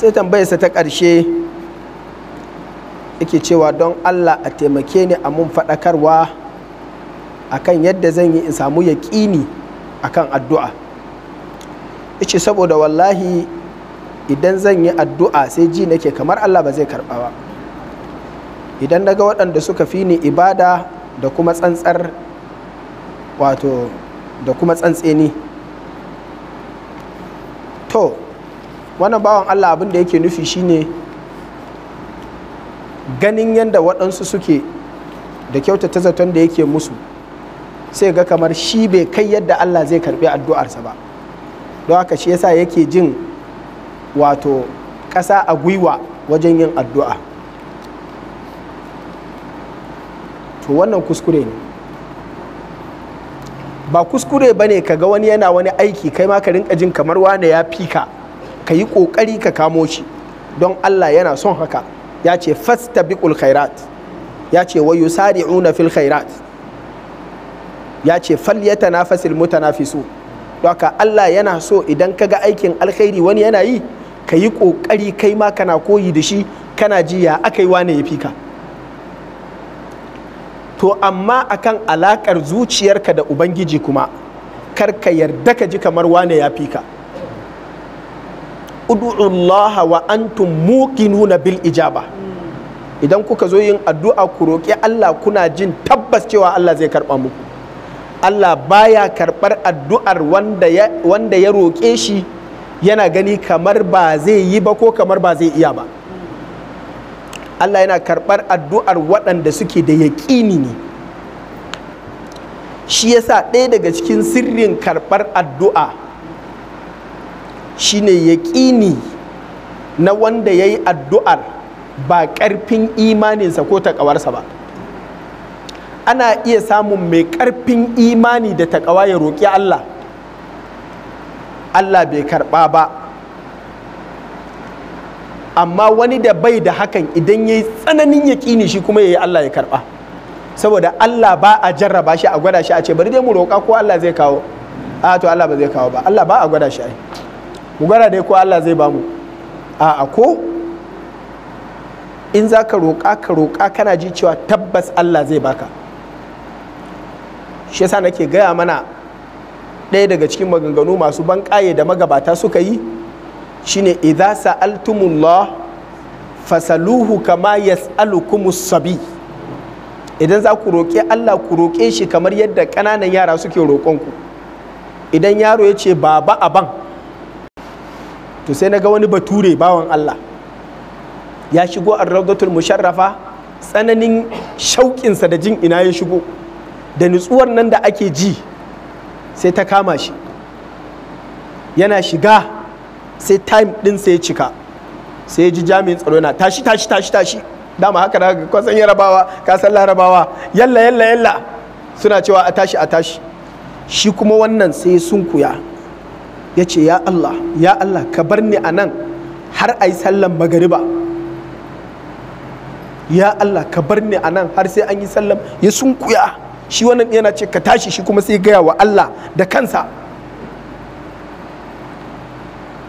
sai tambayarsa ta ƙarshe yake cewa don allah a taimake ni a mun faɗakarwa akan yadda zan yi in samu yaƙini akan addu'a yace saboda wallahi idan zan yi addu'a sai ji nake kamar allah ba zai karɓa ba idan daga waɗanda suka fi ni ibada da kuma tsantsar wato da kuma tsantseni to wannan bawan allah abin da yake nufi shine ganin yadda waɗansu suke da kyautata zaton da yake musu sai ga kamar shi bai kai yadda allah zai karɓi addu'arsa ba don haka shi yasa yake jin wato ƙasa a gwiwa wajen yin addu'a to wannan kuskure ne ba kuskure ba ne ka ga wani yana wani aiki kai ma ka rinka jin kamar wane ya fika ka yi ƙoƙari ka kamo shi don Allah yana son haka ya ce fastabiqul khairat ya ce wa yusari'una fil khairat ya ce falyatanafasil mutanafisu don ka, Allah yana so idan ka ga aikin alkhairi wani yana yi ka yi ƙoƙari kai ma kana koyi da shi kana ji ya aka yi wane ya fi ka to amma akan alaƙar zuciyarka da ubangiji kuma kar ka yarda ka ji kamar wane ya fi ka Allah wa antum muqinuna bil ijaba idan kuka zo yin addu'a ku roƙe Allah kuna jin tabbas cewa Allah zai karɓa mu. Allah baya karɓar addu'ar wanda ya, wanda ya roƙe shi yana gani kamar ba zai yi ba ko kamar ba zai iya ba Allah yana karɓar addu'ar waɗanda suke da yaƙini ne shi yasa ɗaya daga cikin sirrin karɓar addu'a shine yaƙini na wanda ya yi addu'ar ba ƙarfin imaninsa ko taƙawarsa ba ana iya samun mai ƙarfin imani da taƙawa ya roƙi Allah Allah bai karɓa ba amma wani da bai da hakan idan ya yi tsananin yaƙini shi kuma ya yi Allah ya karɓa saboda Allah ba a jarraba shi a gwada shi a ce bari dai mu roƙa ko Allah zai kawo a to Allah ba zai kawo ba Allah ba a gwada shi a yi. mu gara dai ko Allah zai bamu a ko in za ka roƙa ka roƙa kana ji cewa tabbas Allah zai baka shi yasa nake gaya mana ɗaya daga cikin maganganu masu ban ƙaye da magabata suka yi shine idza sa'altumullah fasaluhu kama yas'alukumus sabi idan za ku roƙe Allah ku roƙe shi kamar yadda ƙananan yara suke roƙonku idan yaro ya ce baba aban to sai na ga wani bature bawan Allah ya shigo raudatul musharrafa tsananin shauƙinsa da jin ina ya shigo da nutsuwar nan da ake ji sai ta kama shi yana shiga sai time ɗin sai cika sai ji jami'in tsaro na tashi tashi tashi tashi dama haka da kwasan yarabawa kasan larabawa yalla yalla yalla suna cewa a tashi a tashi shi kuma wannan sai sun kuya. ya ce ya Allah ya Allah ka bar ni a nan har a yi sallan magariba ya Allah ka bar ni a nan har sai an yi sallan ya sunkuya shi wannan yana ce ka tashi shi kuma sai gaya wa Allah da kansa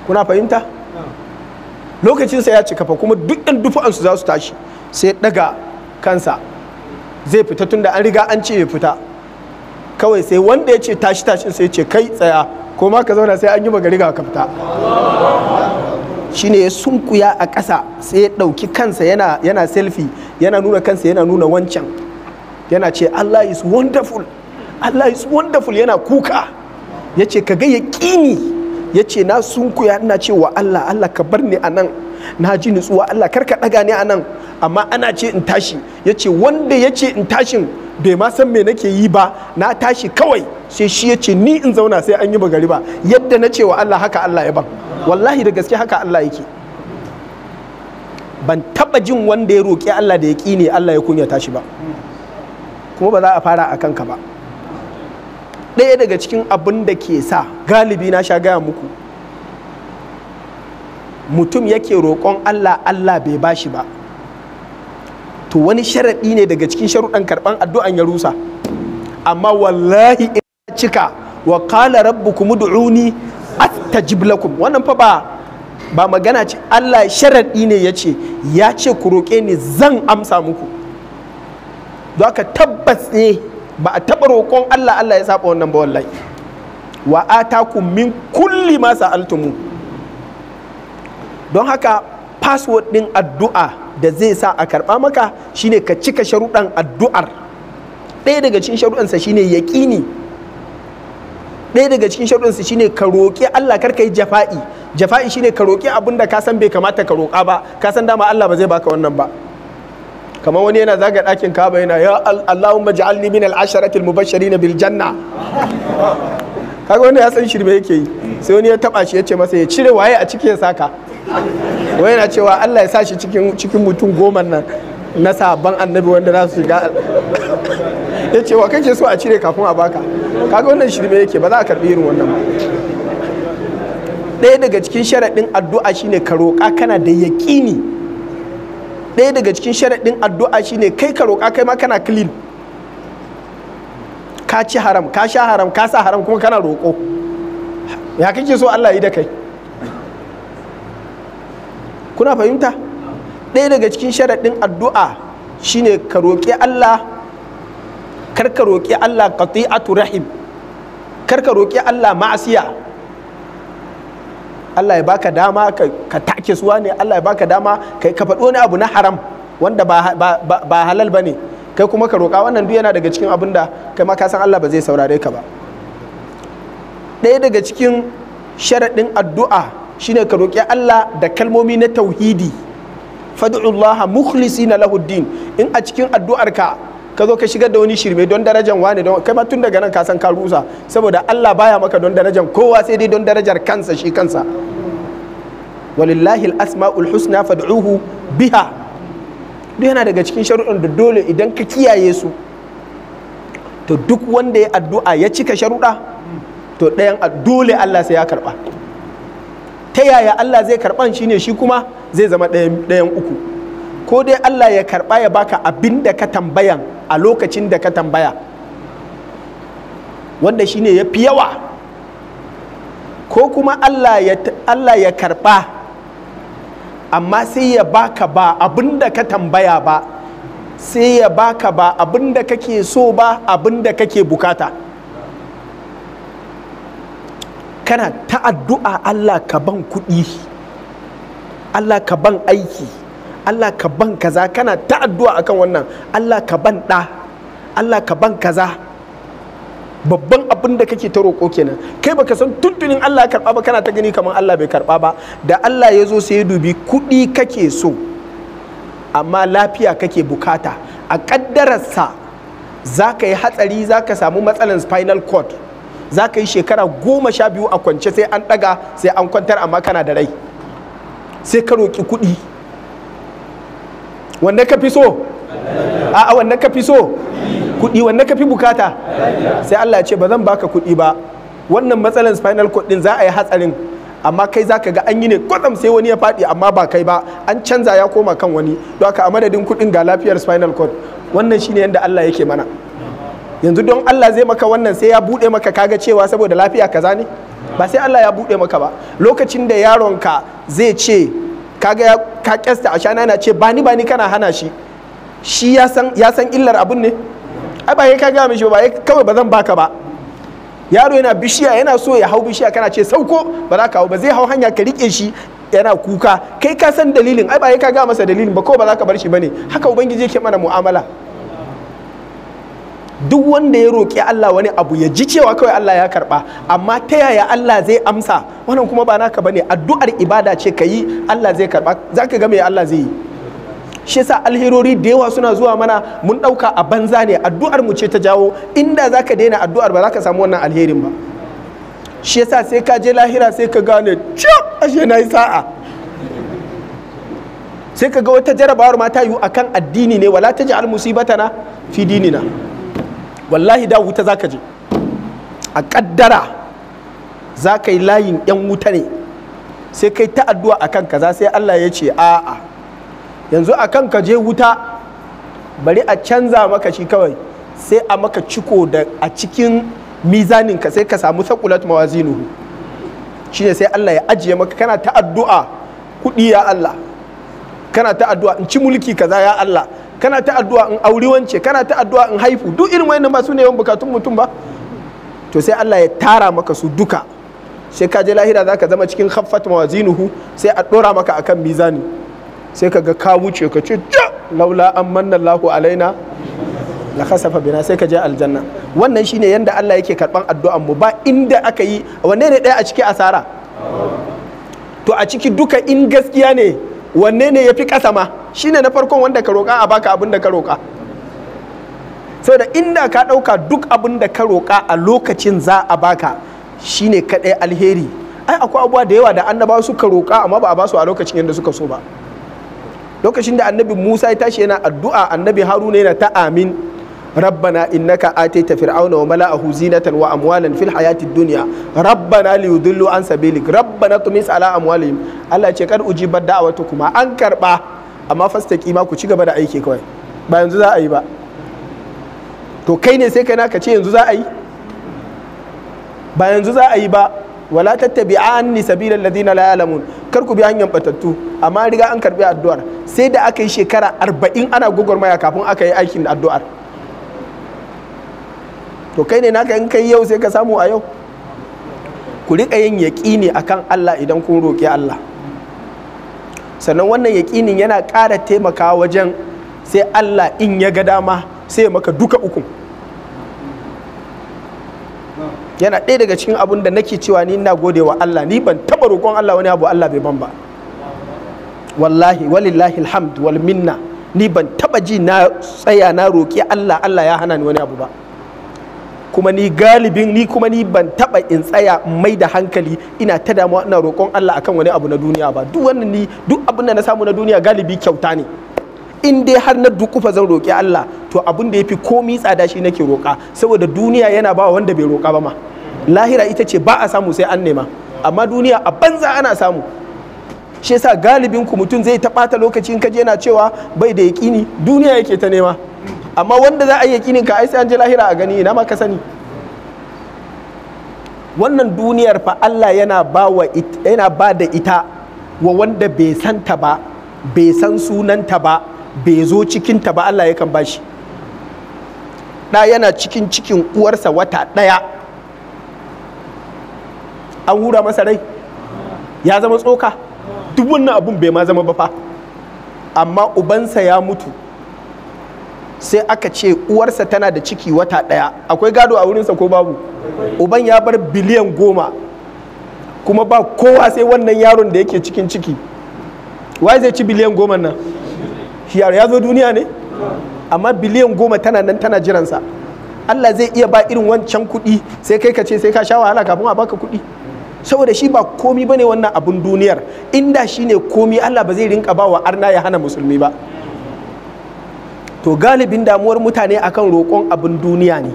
kuna fahimta lokacinsa ya ci kafa kuma duk ɗan dufu'ansu za su tashi sai daga kansa zai fita tunda an riga an ce ya fita kawai sai wanda ya ce tashi tashin sai ce kai tsaya ko ma ka zauna sai an yi magari ga kafta shine ya sunkuya a ƙasa sai ya ɗauki kansa yana yana selfie yana nuna kansa yana nuna wancan yana ce Allah is wonderful Allah is wonderful yana kuka ya ce ka ga ya ƙini ya ce na sunkuya ina ce wa Allah Allah ka bar ni a nan na ji nutsuwa Allah kar ka ɗaga ni anan nan amma ana ce in tashi Yace wanda yace in tashin bai ma san me nake yi ba na tashi kawai sai shi ya ce ni in zauna sai an yi bagari ba yadda na ce wa Allah haka Allah ya ban wallahi da gaske haka Allah yake ban taba jin wanda ya roƙi Allah da ya ƙi ne Allah ya kunya tashi ba kuma ba za a fara a kanka ba ɗaya daga cikin abin da ke sa galibi na sha gaya muku mutum yake roƙon Allah Allah bai bashi ba to wani sharaɗi ne daga cikin sharuɗan karɓan addu'an ya rusa amma wallahi in cika wa qala rabbukum ud'uni astajib lakum wannan fa ba ba magana ce Allah sharaɗi ne ya ce ya ce ku roƙe ni zan amsa muku don ka tabbas ne ba a taɓa roƙon Allah Allah ya saba wannan ba wallahi wa atakum min kulli ma sa'altumu don haka password ɗin addu'a da zai sa a karba maka shine ka cika sharuɗan addu'ar ɗaya daga cikin sharuɗansa shine yaƙini ɗaya daga cikin sharuɗansa shine ka roƙi Allah kar ka yi jafa'i jafa'i shine ka roƙi abin da ka san bai kamata ka roƙa ba ka san dama Allah ba zai baka wannan ba kamar wani yana zaga ɗakin kaba yana ya Allahumma ja'alni min al-asharati al-mubashirin bil janna kaga wani ya san shirme yake yi sai wani ya taba shi ya ce masa ya cire waye a cikin saka wai yana cewa Allah ya sa shi cikin mutum goma nan na sabon annabi wanda za su shiga ya ce wa kake so a cire kafin a baka kaga wannan shirme yake ba za a karbi irin wannan ba ɗaya daga cikin sharaɗin addu'a shine ka roƙa kana da yaƙini ɗaya daga cikin sharaɗin addu'a shine kai ka roƙa kai ma kana clean ka ci haram ka sha haram ka sa haram kuma kana roƙo ya kake so Allah yi da kai kuna fahimta ɗaya daga cikin sharaɗin addu'a shine ka roƙi Allah kar ka roƙi Allah qati'atu rahim kar ka roƙi Allah ma'asiya Allah ya baka dama ka take suwa ne Allah ya baka dama ka faɗi wani abu na haram wanda ba, ba halal ba ne kai kuma ka roƙa wannan duk yana daga cikin abin da kai ma ka san Allah ba zai saurare ka ba ɗaya daga cikin sharaɗin addu'a shine ka roƙi Allah da kalmomi na tauhidi fad'ullaha mukhlisina na din in a cikin addu'arka ka zo ka shigar da wani shirme don darajar wani don kai ma tun daga nan ka san ka rusa saboda Allah baya maka don darajar kowa sai dai don darajar kansa shi kansa walillahi al-asma'ul husna fad'uhu biha duk yana daga cikin sharuɗan da dole idan ka kiyaye su to duk wanda ya addu'a ya cika sharuɗa to ɗayan dole Allah sai ya karɓa ta yaya Allah zai karɓan shine shi kuma zai zama ɗayan uku ko dai Allah ya karɓa ya baka abin da ka tambayan a lokacin da ka tambaya wanda shine ya fi yawa ko kuma Allah ya, Allah ya karɓa amma sai ya baka ba abin da ka tambaya ba sai ya baka ba abin da kake so ba abin da kake bukata kana ta addu'a Allah ka ban kuɗi Allah ka ban aiki Allah ka ban kaza kana ta addu'a akan wannan Allah ka ban ɗa Allah ka ban kaza babban abin da kake ta roƙo kenan kai baka san tuntunin Allah ya karɓa ba kana ta gani kamar Allah bai karɓa ba da Allah ya zo sai ya dubi kuɗi kake so amma lafiya kake bukata a ƙaddararsa za ka yi hatsari za ka samu matsalan spinal cord za ka yi shekara goma sha biyu a kwance sai an ɗaga sai an kwantar amma kana da rai sai ka roƙi kuɗi wanda ka fi so a'a wanda ka fi so kuɗi wanda ka fi bukata sai Allah ya ce ba zan baka kuɗi ba wannan matsalan spinal cord din za a yi hatsarin amma kai za ka ga an yi ne kwatsam sai wani ya faɗi amma ba kai ba an canza ya koma kan wani don haka a madadin kuɗin ga lafiyar spinal cord wannan shine yadda Allah yake mana yanzu don Allah zai maka wannan sai ya buɗe maka kaga cewa saboda lafiya kaza ne ba sai Allah ya buɗe maka ba lokacin da yaronka zai ce kaga ka kyasta a shana yana ce bani bani kana hana shi shi ya san illar abun ne ai ba ka ga mishi ba kawai ba zan baka ba yaro yana bishiya yana so ya hau bishiya kana ce sauko ba za ka hau ba zai hau hanya ka rike shi yana kuka kai ka san dalilin ai ba ka ga masa dalilin ba ko ba za ka bar shi bane haka ubangiji yake mana mu'amala duk wanda ya roƙi Allah wani abu ya ji cewa kawai Allah ya karɓa amma ta yaya Allah zai amsa wannan kuma ba naka bane addu'ar ibada ce kayi yi Allah zai karɓa za ka ga me Allah zai yi shi yasa alherori da yawa suna zuwa mana mun ɗauka a banza ne addu'ar mu ce ta jawo inda za ka daina addu'ar ba za ka samu wannan alherin ba shi yasa sai ka je lahira sai ka gane cip ashe na yi sa'a sai ka ga wata jarabawar mata ta yiwu akan addini ne wala ta ji al na fi dinina wallahi da wuta za ka je a kaddara za yi layin 'yan wuta ne sai kai ta a kanka za sai Allah ya ce a'a yanzu a kan ka je wuta bari a canza maka shi kawai sai a maka ciko da a cikin mizanin ka sai ka samu sakulat mawazinuhu shine sai Allah ya ajiye maka kana ta addu'a kudi ya Allah kana ta addu'a in ci mulki kaza ya Allah kana ta addu'a in auri wance kana ta addu'a in haifu duk irin wani ba su ne yawan bukatun mutum ba to sai Allah ya tara maka su duka sai ka je lahira zaka zama cikin khaffat mawazinuhu sai a dora maka akan mizani sai ka ga ka wuce ka ce laula an manna Allahu alaina la khasafa bina sai ka je aljanna wannan shine yanda Allah yake karban addu'an mu ba inda aka yi wanne ne daya a ciki asara to a ciki duka in gaskiya ne wanne ne ya fi ƙasa ma shi ne na farkon wanda ka roƙa a baka abin da ka roƙa saboda inda ka ɗauka duk abin da ka roƙa a lokacin za a baka shi ne kaɗai alheri ai akwai abubuwa da yawa da ba su ka roƙa amma ba a basu a lokacin yadda suka so ba lokacin da annabi musa ya tashi yana addu'a annabi haruna yana ta amin ربنا إنك آتيت فرعون وملأه زينة وأموالا في الحياة الدنيا ربنا ليضلوا عن سبيلك ربنا طمس على أموالهم الله يشكر أجيب دعوتكما أنكر با أما فاستك إما كتشيك بدا أيكي كوي با ينزوزا أي با to kai ne sai ka ce yanzu za a yi ba yanzu za a yi ba wala tattabi anni sabilal ladina la ya'lamun kar ku bi hanyar batattu amma riga an karbi addu'ar sai da aka yi shekara arba'in ana gugurmaya kafin aka yi aikin addu'ar to kai ne naka in kai yau sai ka samu a yau ku riƙa yin yaƙini a kan Allah idan kun roƙi Allah sannan wannan yaƙinin yana ƙara taimakawa wajen sai Allah in ya ga dama sai maka duka ukun yana ɗaya daga cikin abin da nake cewa ni ina gode wa Allah ni ban taɓa roƙon Allah wani abu Allah bai ban ba wallahi walillahi alhamd wal minna ni ban taɓa ji na tsaya na roƙi Allah Allah ya hana ni wani abu ba kuma ni galibin ni kuma ni ban taba in tsaya mai da hankali ina ta damuwa ina roƙon Allah akan wani abu na duniya ba duk wannan ni duk abin da na samu na duniya galibi kyauta ne in dai har na dukufa zan roƙi Allah to abin da yafi komi tsada shi nake roƙa saboda duniya yana ba wanda bai roƙa ba ma lahira ita ce ba a samu sai an nema amma duniya a banza ana samu shi yasa galibin ku mutum zai ta ɓata lokacin kaje yana cewa bai da yaƙini duniya yake ta nema amma wanda za a yi yakinin ka ai sai an je lahira a gani ina maka sani wannan duniyar fa Allah yana ba wa yana ba da ita wa wanda bai san ta ba bai san sunan ta ba bai zo cikin ta ba Allah yakan bashi da yana cikin cikin uwarsa wata ɗaya an hura masa rai ya zama tsoka duk wannan abun bai ma zama ba fa amma ubansa ya mutu sai aka ce uwarsa tana da ciki wata ɗaya akwai gado a wurinsa ko babu uban ya bar biliyan goma kuma ba kowa sai wannan yaron da yake cikin ciki wai zai ci biliyan goma nan hiyar ya zo duniya ne amma biliyan goma tana nan tana jiransa Allah zai iya ba irin wancan kuɗi sai kai ka ce sai ka sha wahala kafin a baka kuɗi saboda shi ba komi bane wannan abun duniyar inda shi ne komi Allah ba zai rinka ba wa arna ya hana musulmi ba to galibin damuwar mutane akan roƙon abin duniya ne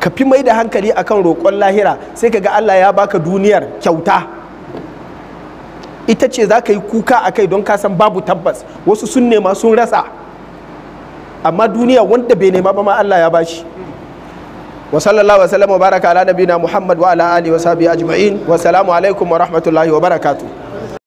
ka fi mai da hankali akan roƙon lahira sai ka ga Allah ya baka duniyar kyauta ita ce za ka yi kuka a kai don ka san babu tabbas wasu sun nema sun rasa amma duniya wanda bai nema ba ma Allah ya bashi wa sallallahu wa sallam wa baraka ala nabina muhammad wa ala alihi wa sahbihi ajma'in wa salamu alaikum wa rahmatullahi wa barakatuh